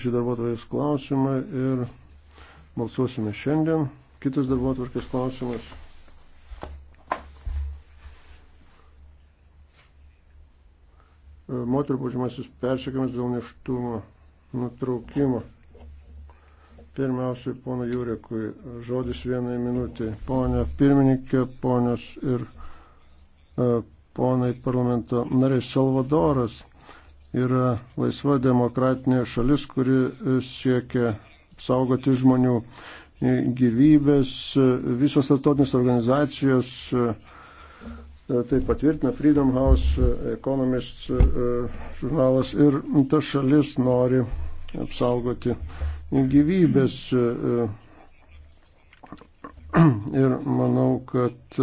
šį darbotvarkės klausimą ir balsuosime šiandien. Kitas darbotvarkės klausimas. Moterų pažymasis persiekamas dėl neštumo nutraukimo. Pirmiausiai, pono Jurekui, žodis vienai minutį. Pone pirmininkė, ponios ir e, ponai parlamento nariai Salvadoras yra laisva demokratinė šalis, kuri e, siekia apsaugoti žmonių e, gyvybės. E, visos tarptautinės organizacijos tai patvirtina Freedom House, Economist žurnalas ir ta šalis nori apsaugoti gyvybės. Ir manau, kad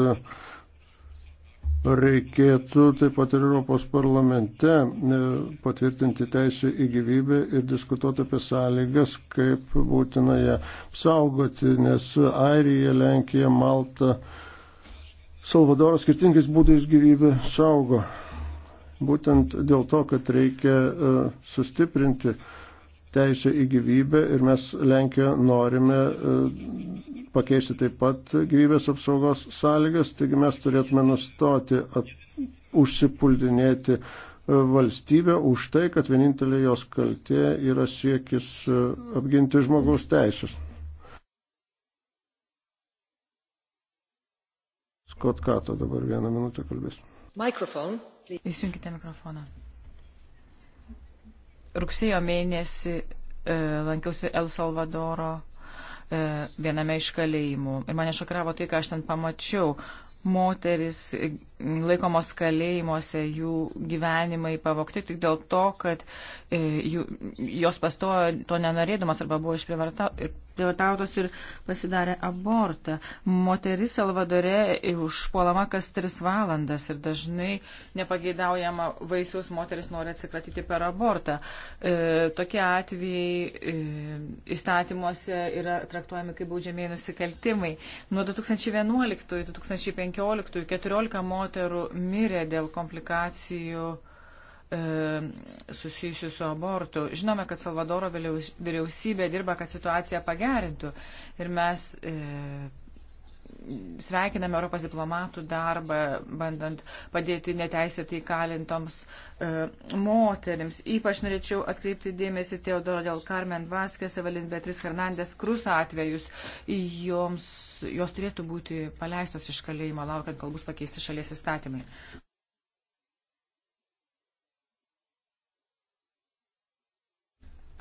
reikėtų taip pat ir Europos parlamente e, patvirtinti teisę į gyvybę ir diskutuoti apie sąlygas, kaip būtina ją saugoti, nes Airija, Lenkija, Malta, Salvadoras skirtingais būdais gyvybę saugo. Būtent dėl to, kad reikia e, sustiprinti teisę į gyvybę ir mes Lenkijoje norime e, pakeisti taip pat gyvybės apsaugos sąlygas, taigi mes turėtume nustoti at, užsipuldinėti e, valstybę už tai, kad vienintelė jos kaltė yra siekis e, apginti žmogaus teisės. Skotkato dabar vieną minutę kalbės. Mikrofon. Įsijunkite mikrofoną. Rugsėjo mėnesį e, lankiausi El Salvadoro e, viename iš kalėjimų ir mane šokiravo tai, ką aš ten pamačiau moteris laikomos kalėjimuose, jų gyvenimai pavokti tik dėl to, kad e, jų, jos pastojo to nenorėdamas arba buvo išprievartautos ir pasidarė abortą. Moteris Salvadore užpuolama kas tris valandas ir dažnai nepageidaujama vaisius moteris nori atsikratyti per abortą. E, tokie atvejai e, įstatymuose yra traktuojami kaip baudžiamiai nusikaltimai. Nuo 2011-2015 15 14 moterų mirė dėl komplikacijų e, susijusių su abortu. Žinome, kad Salvadoro vyriausybė dirba, kad situaciją pagerintų. Ir mes e, sveikiname Europos diplomatų darbą, bandant padėti neteisėtai kalintoms e, moterims. Ypač norėčiau atkreipti dėmesį Teodoro dėl Carmen Vaskės, Evelin Betris Hernandės Krus atvejus. Joms, jos turėtų būti paleistos iš kalėjimo, laukiant, kol bus pakeisti šalies įstatymai.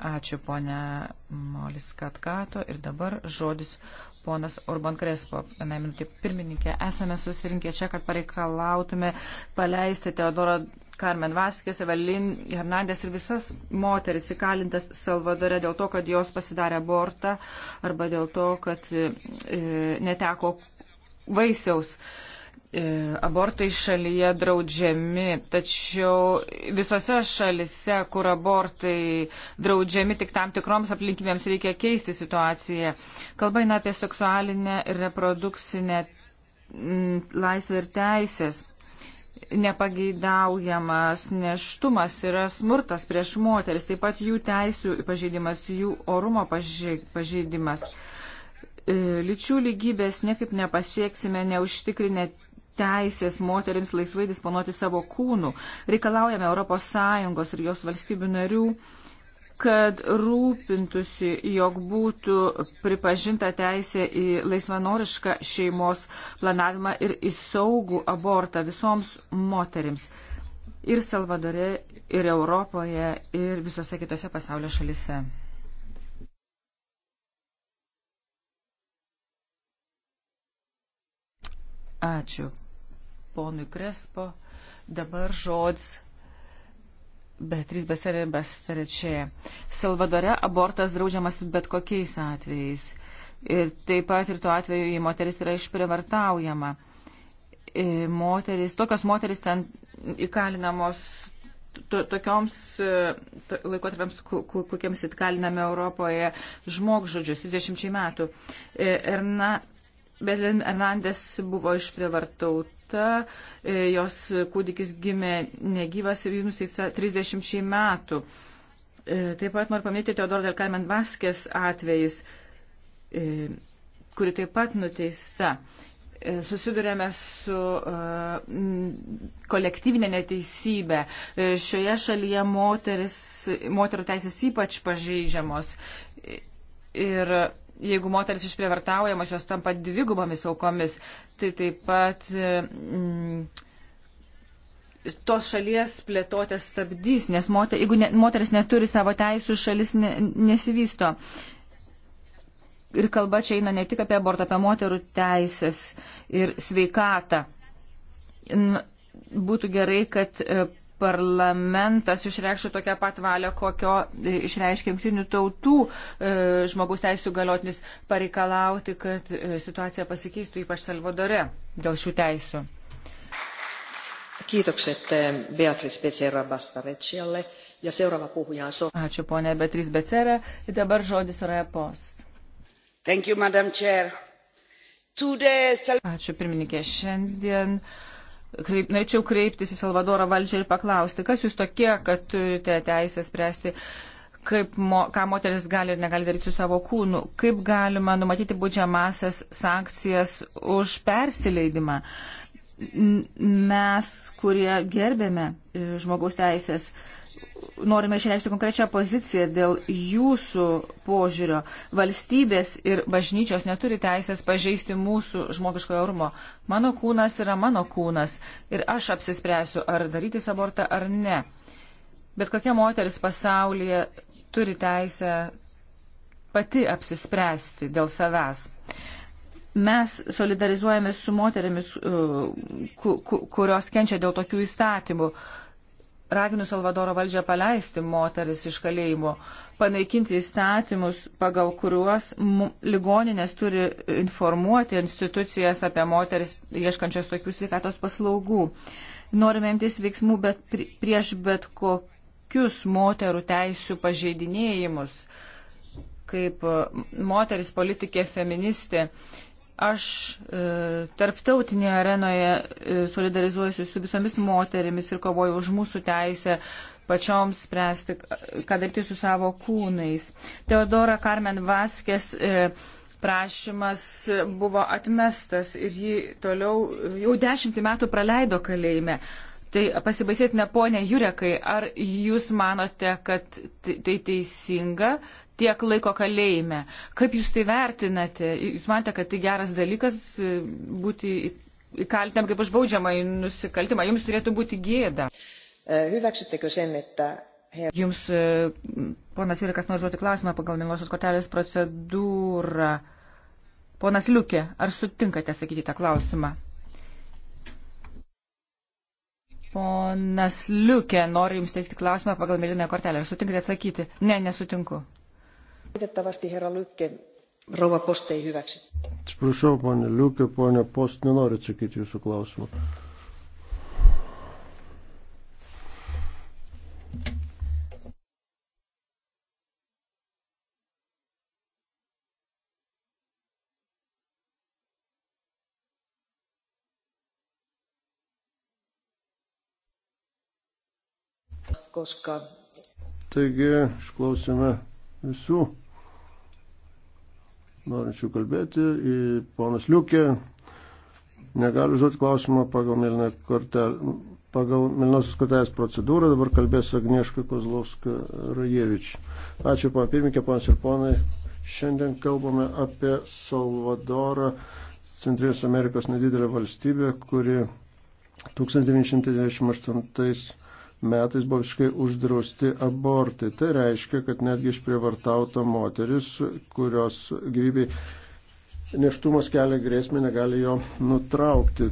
Ačiū, ponia Molis Katkato. Ir dabar žodis ponas Urban Krespo. Viena minutė pirmininkė. Esame susirinkę čia, kad pareikalautume paleisti Teodoro Carmen Vaskės, Evelin Hernandės ir visas moteris įkalintas Salvadore dėl to, kad jos pasidarė abortą arba dėl to, kad e, neteko vaisiaus. E, E, abortai šalyje draudžiami, tačiau visose šalise, kur abortai draudžiami tik tam tikroms aplinkybėms, reikia keisti situaciją. Kalba eina apie seksualinę ir reprodukcinę laisvę ir teisės. Nepageidaujamas neštumas yra smurtas prieš moteris, taip pat jų teisų pažeidimas, jų orumo pažeidimas. E, lyčių lygybės niekaip nepasieksime neužtikrinę teisės moterims laisvai disponuoti savo kūnų. Reikalaujame ES ir jos valstybių narių kad rūpintusi, jog būtų pripažinta teisė į laisvanorišką šeimos planavimą ir į saugų abortą visoms moterims. Ir Salvadore, ir Europoje, ir visose kitose pasaulio šalise. Ačiū ponui Krespo. Dabar žodis Beatriz Beserė Besterečė. Salvadore abortas draudžiamas bet kokiais atvejais. Ir taip pat ir tuo atveju, jei moteris yra išprivartaujama. E, moteris, tokios moteris ten įkalinamos to, tokioms e, to, laikotarpiams, kokiems įkaliname Europoje žmogžudžius 30 metų. E, Erna, Belin Hernandez buvo išprivartauta našta, e, jos kūdikis gimė negyvas ir jis nusteisa 30 metų. E, taip pat noriu paminėti Teodoro del Carmen Vaskės atvejais, e, kuri taip pat nuteista susidurėme su uh, kolektyvinė neteisybė. Šioje šalyje moteris, moterų teisės ypač pažeidžiamos. Ir uh, jeigu moteris išprievartaujamos, jos tampa dvigubomis aukomis, tai taip pat mm, tos šalies plėtotės stabdys, nes moter, jeigu ne, moteris neturi savo teisų, šalis ne, nesivysto. Ir kalba čia eina ne tik apie abortą, apie moterų teisės ir sveikatą. Būtų gerai, kad e, parlamentas išreikštų tokią pat valią, kokio e, išreiškia jungtinių tautų e, žmogus teisų galiotinis pareikalauti, kad e, situacija pasikeistų, ypač Salvadore, dėl šių teisų. Kiitokset Beatrice Becerra Bastarečialle ja seuraava puhuja on so... Ačiū ponė Beatrice Becerra ir dabar žodis yra post. Thank you, Madam Chair. Today... Ačiū pirmininkė. Šiandien uh, kreip, norėčiau kreiptis į Salvadorą valdžią ir paklausti, kas jūs tokie, kad turite teisę spręsti, kaip, mo, ką moteris gali ir negali daryti su savo kūnu, kaip galima numatyti būdžiamasias sankcijas už persileidimą. Mes, kurie gerbėme e, žmogaus teisės, uh, norime išreikšti konkrečią poziciją dėl jūsų požiūrio. Valstybės ir bažnyčios neturi teisės pažeisti mūsų žmogiškojo orumo. Mano kūnas yra mano kūnas ir aš apsispręsiu, ar daryti abortą ar ne. Bet kokia moteris pasaulyje turi teisę pati apsispręsti dėl savęs. Mes solidarizuojamės su moterimis, uh, kurios kenčia dėl tokių įstatymų. Uh, raginu Salvadoro valdžią paleisti moteris iš kalėjimo, panaikinti įstatymus, pagal kuriuos ligoninės turi informuoti institucijas apie moteris ieškančios tokių sveikatos paslaugų. Norime imtis veiksmų bet prieš bet kokius moterų teisų pažeidinėjimus, kaip moteris politikė feministė. Aš e, tarptautinėje arenoje e, solidarizuojuosi su visomis moterimis ir kovoju už mūsų teisę pačioms spręsti, ką daryti su savo kūnais. Teodora Carmen Vaskės e, prašymas buvo atmestas ir ji toliau jau dešimtį metų praleido kalėjime. Tai pasibaisėtina, ponė Jurekai, ar jūs manote, kad tai, tai teisinga, tiek laiko kalėjime. Kaip jūs tai vertinate? Jūs manote, kad tai geras dalykas e, būti įkaltinam kaip aš baudžiamą į nusikaltimą. Jums turėtų būti gėda. E, jums, e, ponas Vilikas, noriu žodį klausimą pagal Milosios kortelės procedūrą. Ponas Liukė, ar sutinkate sakyti tą klausimą? Ponas Liukė, noriu Jums teikti klausimą pagal Milinę kortelę. Ar sutinkate atsakyti? Ne, nesutinku. Valitettavasti herra Lykke, rouva Poste ei hyväksy. Atsiprašau, ponė Liukė, ponė Post, nenoriu atsakyti jūsų klausimą. koska. Taigi, išklausime visų norinčių kalbėti. Į ponas Liukė negaliu žodžiu klausimą pagal, mėlyną kortelę, pagal Milnosios kortelės procedūrą. Dabar kalbės Agnieška Kozlovska Rajevič. Ačiū, pana pirmininkė, panas ir ponai. Šiandien kalbame apie Salvadorą, Centrinės Amerikos nedidelę valstybę, kuri 1998 metais buvo visiškai uždrausti abortai. Tai reiškia, kad netgi išprievartauta moteris, kurios gyvybei neštumas kelia grėsmę, negali jo nutraukti.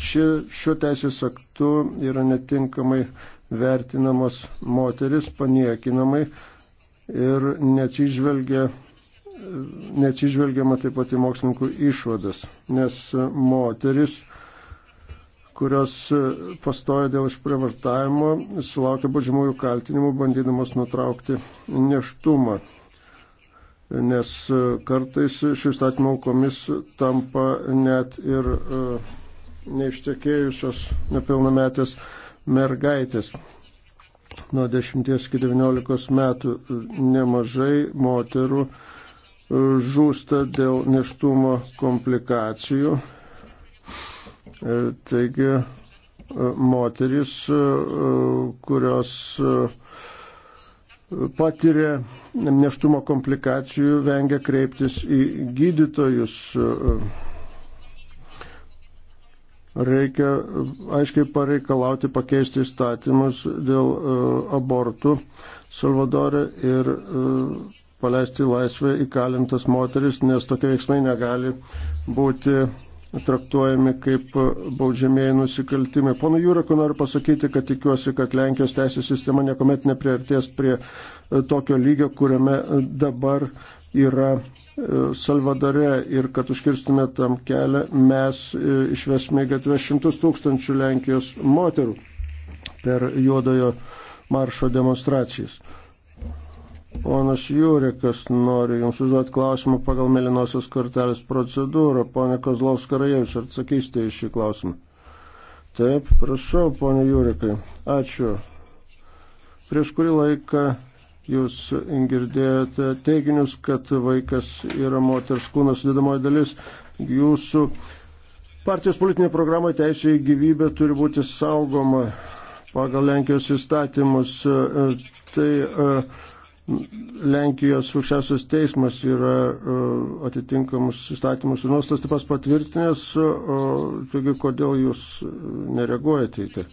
Ši, šiuo teisės aktu yra netinkamai vertinamos moteris, paniekinamai ir neatsižvelgia neatsižvelgiama taip pat į mokslininkų išvadas, nes moteris kurios e, pastoja dėl išprievartavimo, sulaukia baudžiamųjų kaltinimų, bandydamos nutraukti neštumą. Nes e, kartais šių įstatymų aukomis tampa net ir e, neištekėjusios nepilnametės mergaitės nuo 10 iki 19 metų nemažai moterų žūsta dėl neštumo komplikacijų E, taigi e, moteris, e, kurios patiria neštumo komplikacijų, vengia kreiptis į gydytojus. Reikia aiškiai pareikalauti pakeisti įstatymus dėl abortų Salvadorė ir paleisti laisvę įkalintas moteris, nes tokie veiksmai negali būti traktuojami kaip baudžiamieji nusikaltimai. Pono Jūrako noriu pasakyti, kad tikiuosi, kad Lenkijos teisės sistema niekuomet nepriartės prie e, tokio lygio, kuriame e, dabar yra e, Salvadore ir kad užkirstume tam kelią, mes išvesime į gatvę šimtus tūkstančių Lenkijos moterų per juodojo maršo demonstracijas. Ponas Jūrikas nori Jums užduoti klausimą pagal melinosios kortelės procedūrą. Pone Kozlovs Karajevič, ar atsakysite į šį klausimą? Taip, prašau, ponė Jūrikai. Ačiū. Prieš kurį laiką Jūs girdėjote teiginius, kad vaikas yra moters kūnas sudėdamoji dalis. Jūsų partijos politinė programa teisė į gyvybę turi būti saugoma pagal Lenkijos įstatymus. Tai e, Lenkijos aukščiausias teismas yra e, atitinkamus įstatymus ir nuostas taip pat patvirtinęs, e, taigi kodėl jūs nereaguojate į tai?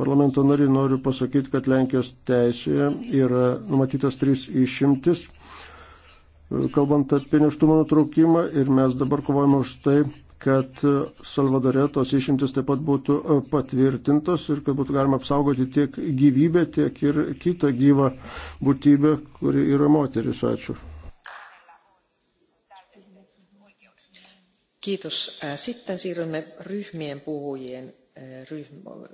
Parlamento nariai noriu pasakyti, kad Lenkijos teisėje yra numatytas trys išimtis, e, kalbant apie neštumo nutraukimą ir mes dabar kovojame už tai, kad Salvadore tos išimtis taip pat būtų e, patvirtintos ir kad būtų galima apsaugoti tiek gyvybę, tiek ir kitą gyvą būtybę, kuri yra moteris. Ačiū. Kiitos. Sitten siirrymme ryhmien puhujien ryhmään.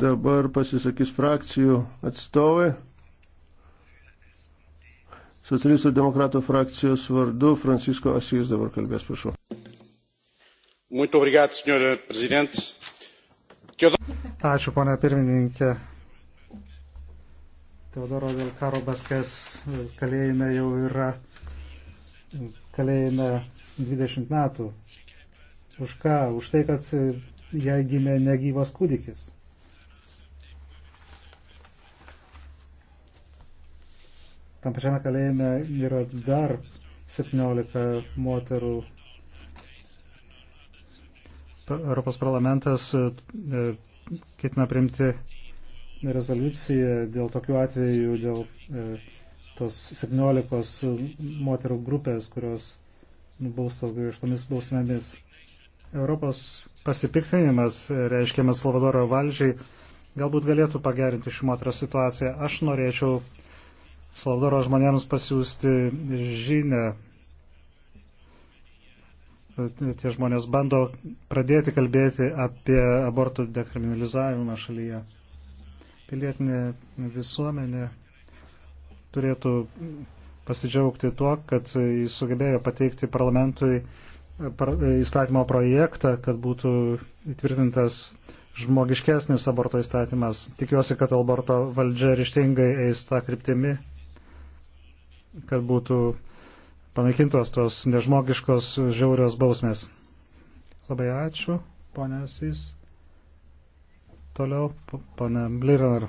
Dabar pasisakys frakcijų atstovai. Socialistų demokratų frakcijos vardu Francisko Asijus dabar kalbės, prašau. Muito obrigado, senhor presidente. Ačiū, ponia pirmininkė. Teodoro dėl karo baskės kalėjime jau yra kalėjime 20 metų. Už ką? Už tai, kad jai gimė negyvas kūdikis. Tam pačiame kalėjime yra dar 17 moterų. Europos parlamentas e, ketina primti rezoliuciją dėl tokių atvejų, dėl e, tos 17 moterų grupės, kurios nubaustos griežtomis bausmėmis. Europos pasipiktinimas e, reiškiamas Salvadoro valdžiai galbūt galėtų pagerinti šių moterų situaciją. Aš norėčiau Salvadoro žmonėms pasiūsti žinę. Tie žmonės bando pradėti kalbėti apie abortų dekriminalizavimą šalyje. Pilietinė visuomenė turėtų pasidžiaugti tuo, kad jis sugebėjo pateikti parlamentui įstatymo projektą, kad būtų įtvirtintas žmogiškesnis aborto įstatymas. Tikiuosi, kad aborto valdžia ryštingai eis tą kryptimį kad būtų panaikintos tos nežmogiškos žiaurios bausmės. Labai ačiū, ponė Sys. Toliau, ponė Blirinar.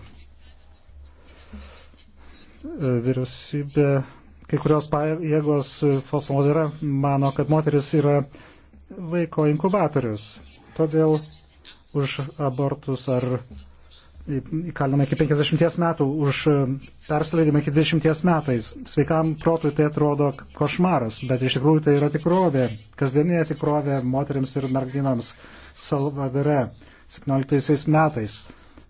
Vyriausybė, kai kurios jėgos Fosalodėra mano, kad moteris yra vaiko inkubatorius. Todėl už abortus ar įkalinama iki 50 metų, už e, persileidimą iki 20 metais. Sveikam protui tai atrodo košmaras, bet iš tikrųjų tai yra tikrovė, kasdieninė tikrovė moteriams ir merginams Salvadore 17 metais.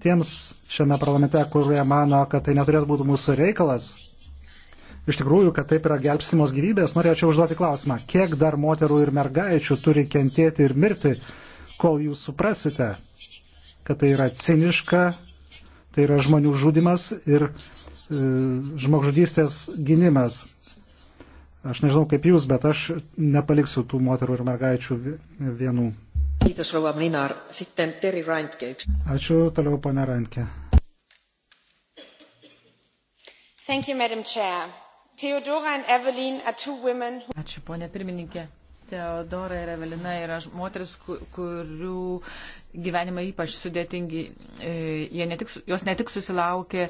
Tiems šiame parlamente, kurie mano, kad tai neturėtų būti mūsų reikalas, iš tikrųjų, kad taip yra gelbstimos gyvybės, norėčiau užduoti klausimą, kiek dar moterų ir mergaičių turi kentėti ir mirti, kol jūs suprasite, kad tai yra ciniška tai yra žmonių žudimas ir e, žmogžudystės gynimas. Aš nežinau kaip jūs, bet aš nepaliksiu tų moterų ir mergaičių vienų. Ačiū toliau, pane Rankė. You, Ačiū, ponė pirmininkė. Teodora ir Evelina yra moteris, kurių gyvenimai ypač sudėtingi. E, ne tik, jos ne tik susilaukė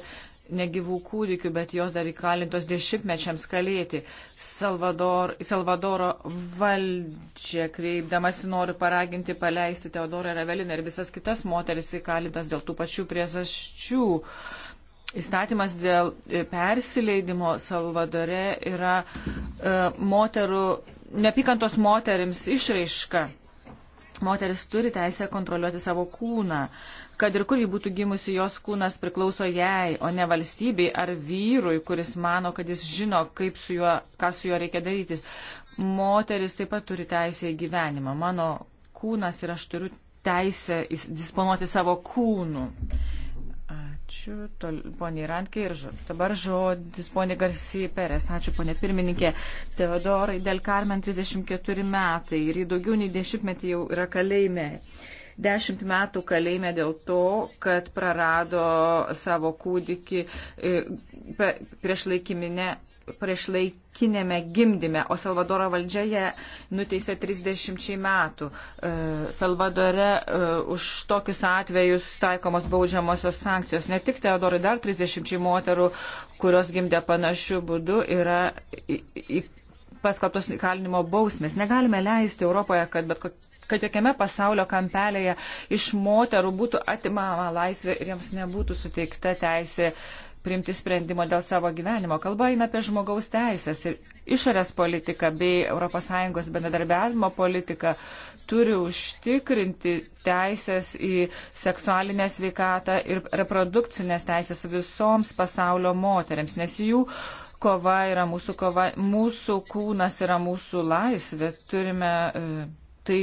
negyvų kūdikių, bet jos dar įkalintos dešimtmečiams kalėti. Salvador, Salvadoro valdžia kreipdamasi noriu paraginti paleisti Teodorą ir Eveliną ir visas kitas moteris įkalintas dėl tų pačių priežasčių. Įstatymas dėl e, persileidimo Salvadore yra e, moterų neapykantos moterims išraiška. Moteris turi teisę kontroliuoti savo kūną. Kad ir kur ji būtų gimusi, jos kūnas priklauso jai, o ne valstybei ar vyrui, kuris mano, kad jis žino, kaip su juo, ką su juo reikia daryti. Moteris taip pat turi teisę į gyvenimą. Mano kūnas ir aš turiu teisę disponuoti savo kūnu. Ačiū, tol, ponė Rankė ir žodžiu. Dabar žodis ponė Garsiai Perės. Ačiū, ponė pirmininkė. Teodorai Del Carmen 34 metai ir į daugiau nei dešimtmetį jau yra kalėjime. Dešimt metų kalėjime dėl to, kad prarado savo kūdikį e, prieš laikiminę priešlaikinėme gimdyme, o Salvadoro valdžia ją nuteisė 30 metų. E, Salvadore e, už tokius atvejus taikomos baudžiamosios sankcijos. Ne tik Teodorai, dar 30 moterų, kurios gimdė panašių būdų, yra paskaltos kalinimo bausmės. Negalime leisti Europoje, kad bet kokia kad jokiame pasaulio kampelėje iš moterų būtų atimama laisvė ir jiems nebūtų suteikta teisė uh, priimti sprendimo dėl savo gyvenimo. Kalba eina apie žmogaus teisės ir išorės politiką bei ES bendradarbiavimo politiką turi užtikrinti teisės į seksualinę sveikatą ir reprodukcinės teisės visoms pasaulio moteriams, nes jų kova yra mūsų kova, mūsų kūnas yra mūsų laisvė. Turime e, tai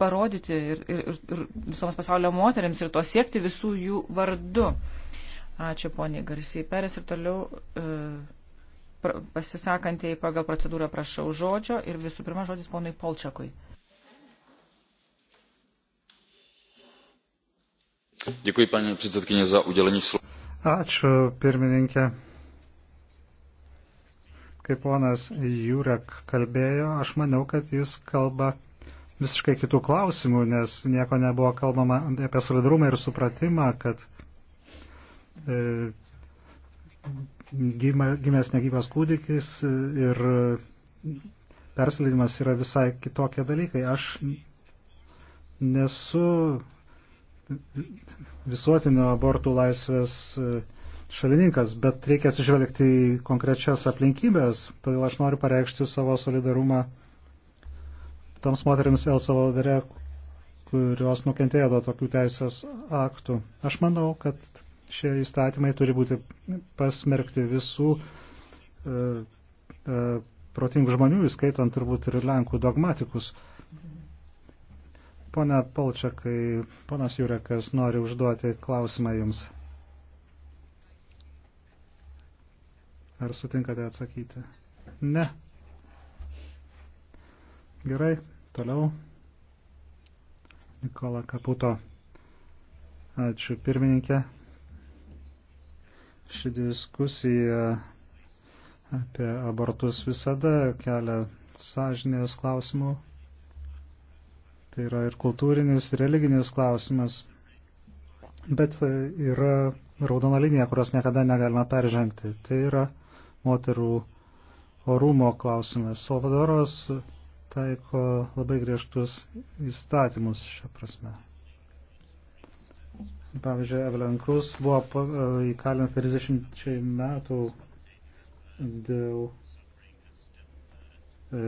parodyti ir, ir, ir visoms pasaulio moteriams ir to siekti visų jų vardu. Ačiū poniai Garsiai Peres ir toliau e, pasisakantieji pagal procedūrą prašau žodžio ir visų pirma žodis ponui Polčiakui. Děkuji, paní předsedkyně, za udělení slova. Ačiū, pirmininkė. Kaip ponas Jurek kalbėjo, aš maniau, kad jis kalba visiškai kitų klausimų, nes nieko nebuvo kalbama apie solidarumą ir supratimą, kad E, gimęs negyvas kūdikis ir persileidimas yra visai kitokie dalykai. Aš nesu visuotinio abortų laisvės e, šalininkas, bet reikia atsižvelgti į konkrečias aplinkybės, todėl aš noriu pareikšti savo solidarumą toms moteriams El Salvadore, kurios nukentėjo nuo tokių teisės aktų. Aš manau, kad šie įstatymai turi būti pasmerkti visų e, e, protingų žmonių, įskaitant turbūt ir Lenkų dogmatikus. Pone Palčiakai, ponas Jurekas nori užduoti klausimą jums. Ar sutinkate atsakyti? Ne. Gerai, toliau. Nikola Kaputo. Ačiū pirmininkė. Ši diskusija apie abortus visada kelia sąžinės klausimų. Tai yra ir kultūrinis, ir religinis klausimas. Bet yra raudona linija, kurios niekada negalima peržengti. Tai yra moterų orumo klausimas. Salvadoros taiko labai griežtus įstatymus šią prasme. Pavyzdžiui, Evelyn Cruz buvo įkalinta 30 metų dėl e,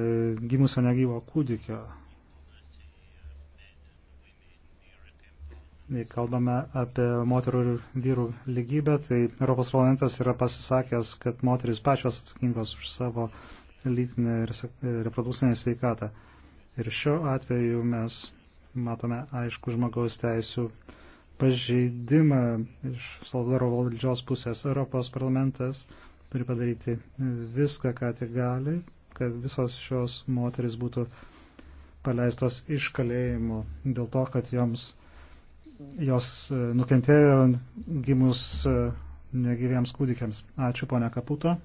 gimusio negyvo kūdikio. Jei kalbame apie moterų ir vyrų lygybę, tai Europos parlamentas yra pasisakęs, kad moteris pačios atsakingos už savo lytinę ir reprodukcinę sveikatą. Ir šiuo atveju mes matome aišku žmogaus teisų pažeidimą iš Salvadoro valdžios pusės. Europos parlamentas turi padaryti viską, ką tik gali, kad visos šios moteris būtų paleistos iš kalėjimų dėl to, kad joms, jos e, nukentėjo gimus e, negyviems kūdikiams. Ačiū, ponia Kaputo.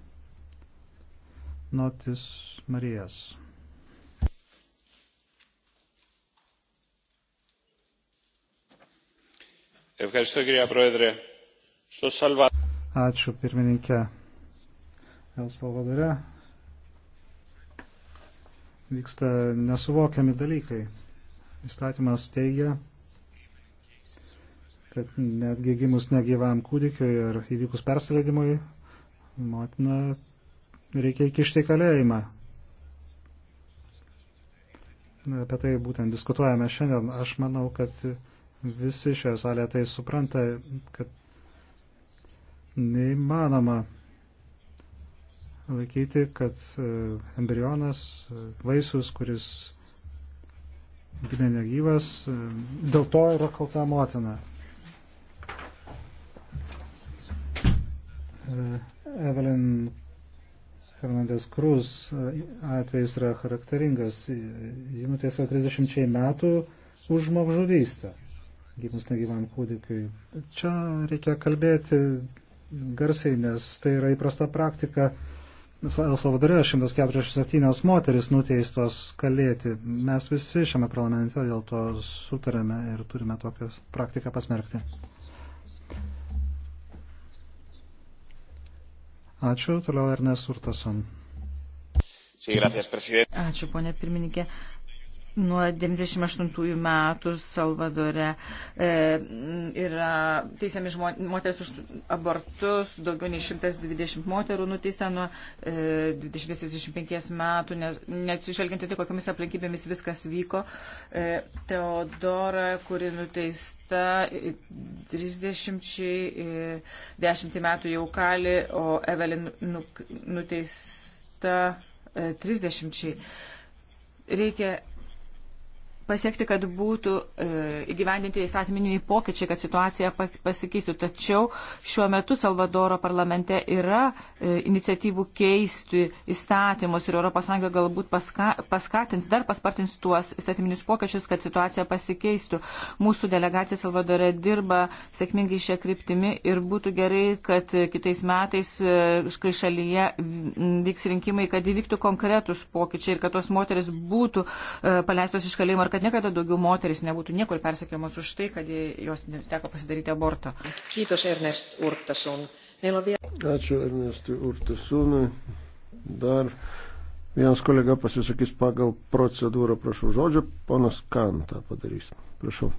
Notis Marijas. Ačiū pirmininkė. El Salvadore vyksta nesuvokiami dalykai. Įstatymas teigia, kad netgi gimus negyvam kūdikiui ir įvykus persileidimui, motina reikia įkišti į kalėjimą. Apie tai būtent diskutuojame šiandien. Aš manau, kad visi šioje salėje tai supranta, kad neįmanoma laikyti, kad e, embrionas, e, vaisius, kuris gimė negyvas, e, dėl to yra kalta motina. Evelyn Fernandės Kruz atvejs yra charakteringas. Ji nutiesa 30 metų už žmogžudystę gimus negyvam kūdikiui. Čia reikia kalbėti garsiai, nes tai yra įprasta praktika. El Salvadore 147 moteris nuteistos kalėti. Mes visi šiame parlamente dėl to sutarėme ir turime tokią praktiką pasmerkti. Ačiū, toliau Ernest Urtason. Ačiū, ponė pirmininkė. Nuo 98 metų Salvadore e, yra teisiami moteris už abortus, daugiau nei 120 moterų nuteista nuo e, 20-25 metų, neatsižvelgiant tai, kokiamis aplinkybėmis viskas vyko. E, Teodora, kuri nuteista 30 e, 10 metų jau kali, o Evelin nuteista e, 30. Reikia pasiekti, kad būtų e, įgyvendinti įstatyminiai pokyčiai, kad situacija pasikeistų. Tačiau šiuo metu Salvadoro parlamente yra e, iniciatyvų keisti įstatymus ir ES galbūt paska, paskatins, dar paspartins tuos įstatyminius pokyčius, kad situacija pasikeistų. Mūsų delegacija Salvadore dirba sėkmingai šią kryptimį ir būtų gerai, kad kitais metais, e, kai šalyje vyks rinkimai, kad įvyktų konkretus pokyčiai ir kad tos moteris būtų paleistos iš kalėjimo ir kad kad niekada daugiau moteris nebūtų niekur persekiamos už tai, kad jos teko pasidaryti aborto. Kiitos Ernest Urtasun. Ačiū Ernestui Urtasunui. Dar vienas kolega pasisakys pagal procedūrą, prašau žodžio, ponas Kantą padarys. Prašau.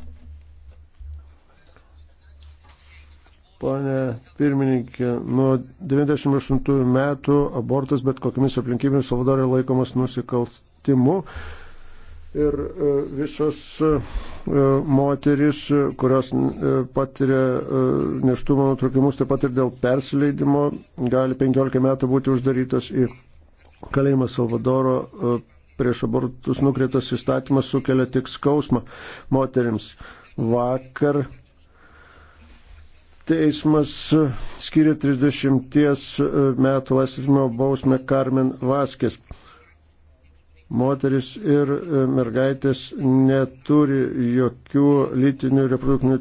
Pane pirmininkė, nuo 98 metų abortas bet kokiamis aplinkybėmis Salvadorė laikomas nusikaltimu ir e, visos e, e, moteris, kurios patiria neštumo nutraukimus, taip pat ir dėl persileidimo, gali 15 metų būti uždarytas į kalėjimą Salvadoro. Prieš abortus nukreiptas įstatymas sukelia tik skausmą moteriams. Vakar teismas skiria 30 metų laisvimo bausmę Karmen Vaskės moteris ir e, mergaitės neturi jokių lytinių reproduktinių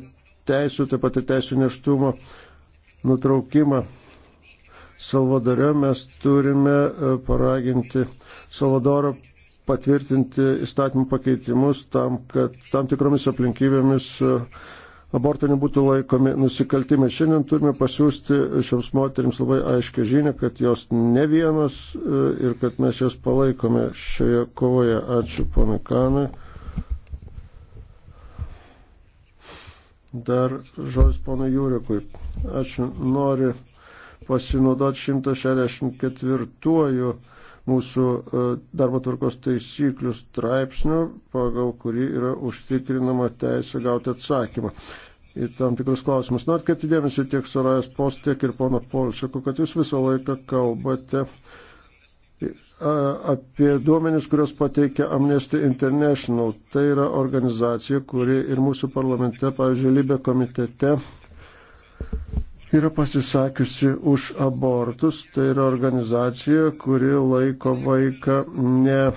teisų, taip pat ir teisų neštumo nutraukimą. Salvadore mes turime e, paraginti Salvadoro patvirtinti įstatymų pakeitimus tam, kad tam tikromis aplinkybėmis uh, abortai nebūtų laikomi nusikaltimai. Šiandien turime pasiūsti šioms moteriams labai aiškę žinę, kad jos ne vienos e, ir kad mes jas palaikome šioje kovoje. Ačiū ponui Kanui. Dar žodis pono Jūrikui. Ačiū. Noriu pasinaudoti 164 mūsų e, darbo tvarkos taisyklių straipsnių, pagal kurį yra užtikrinama teisė gauti atsakymą. Į tam tikrus klausimus. Nors kad įdėmėsi tiek Sarajas Post, tiek ir pono Polšako, kad jūs visą laiką kalbate e, apie duomenis, kurios pateikia Amnesty International. Tai yra organizacija, kuri ir mūsų parlamente, pavyzdžiui, Libė komitete yra pasisakiusi už abortus. Tai yra organizacija, kuri laiko vaiką ne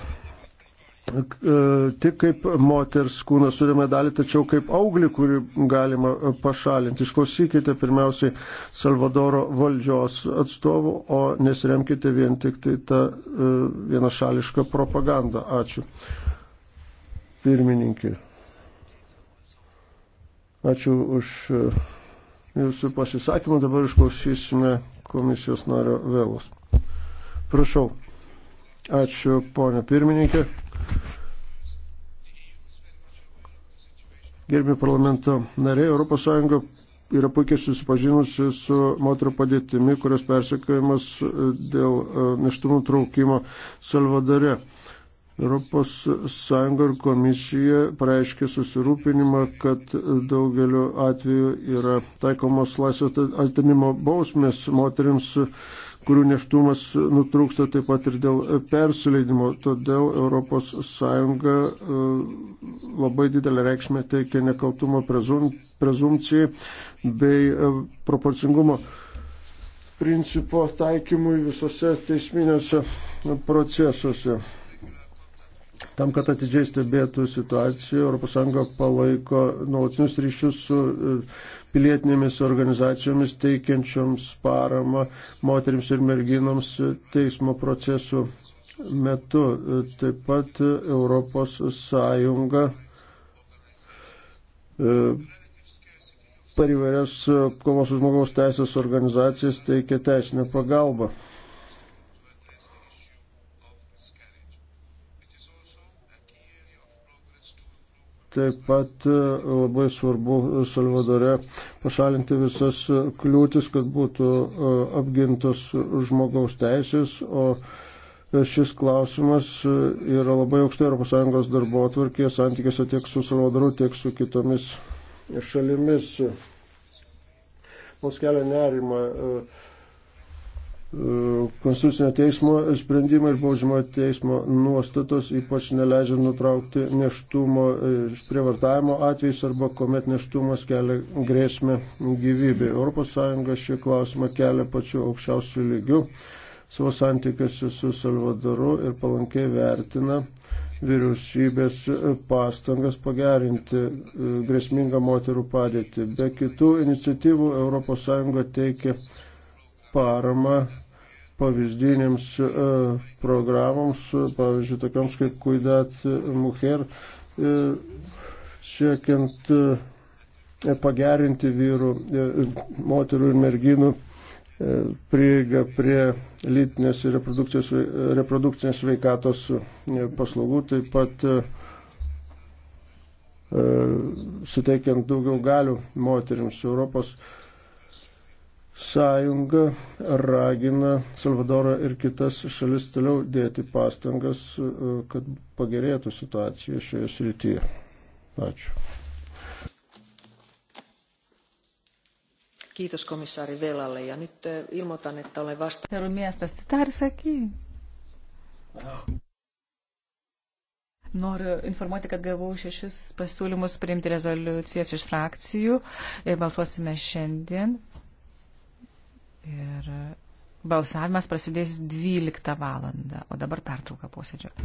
e, tik kaip moters kūną surėmė dalį, tačiau kaip auglį, kurį galima pašalinti. Išklausykite pirmiausiai Salvadoro valdžios atstovų, o nesiremkite vien tik tai tą e, vienašališką propagandą. Ačiū. Pirmininkė. Ačiū už. Uh, jūsų pasisakymą. Dabar išklausysime komisijos nario vėlos. Prašau. Ačiū, ponė pirmininkė. Gerbimi parlamento nariai, ES yra puikiai susipažinusi su moterų padėtimi, kurios persekiojimas e, dėl e, neštumų traukimo Salvadare. ES ir komisija pareiškė susirūpinimą, kad daugeliu atveju yra taikomos laisvės atimimo bausmės moteriams, kurių neštumas nutrūksta taip pat ir dėl persileidimo. Todėl ES e, labai didelę reikšmę teikia nekaltumo prezum, prezumcijai bei e, proporcingumo principo taikymui visose teisminėse procesuose. Tam, kad atidžiai stebėtų situaciją, ES palaiko nuolatinius ryšius su e, pilietinėmis organizacijomis teikiančioms paramą moteriams ir merginoms e, teismo procesų metu. E, taip pat ES per įvairias kovos už žmogaus teisės organizacijas teikia teisinę pagalbą. Taip pat e, labai svarbu Salvadore pašalinti visas kliūtis, kad būtų e, apgintos žmogaus teisės, o e, šis klausimas yra labai aukštai ES darbo atvarkėje santykiuose tiek su Salvadoru, tiek su kitomis šalimis. Mums kelia nerima. Uh, Konstitucinio teismo sprendimai ir baudžiamojo teismo nuostatos ypač neleidžia nutraukti neštumo e, prievartavimo atvejais arba kuomet neštumas kelia grėsmę gyvybė. ES šį klausimą kelia pačiu aukščiausiu lygiu savo santykiuose su Salvadoru ir palankiai vertina vyriausybės pastangas pagerinti e, grėsmingą moterų padėtį. Be kitų iniciatyvų ES teikia paramą pavyzdinėms e, programoms, pavyzdžiui, tokioms kaip Kuidat Muher, e, siekiant e, pagerinti vyrų, moterų ir merginų prieiga prie lytinės ir reprodukcinės veikatos paslaugų, taip pat suteikiant daugiau galių moteriams. Europos Sąjunga ragina Salvadorą ir kitas šalis toliau dėti pastangas, e, kad pagerėtų situacija šioje srityje. Ačiū. Kiitos komissaari Velalle ja nyt e, ilmoitan, että olen vasta... Täällä on miestä tärsäkin. Noriu informuoti, kad gavau šešis pasiūlymus priimti rezoliucijas iš frakcijų. E, balsuosime šiandien. Ir balsavimas prasidės 12 valandą, o dabar pertrauka posėdžio.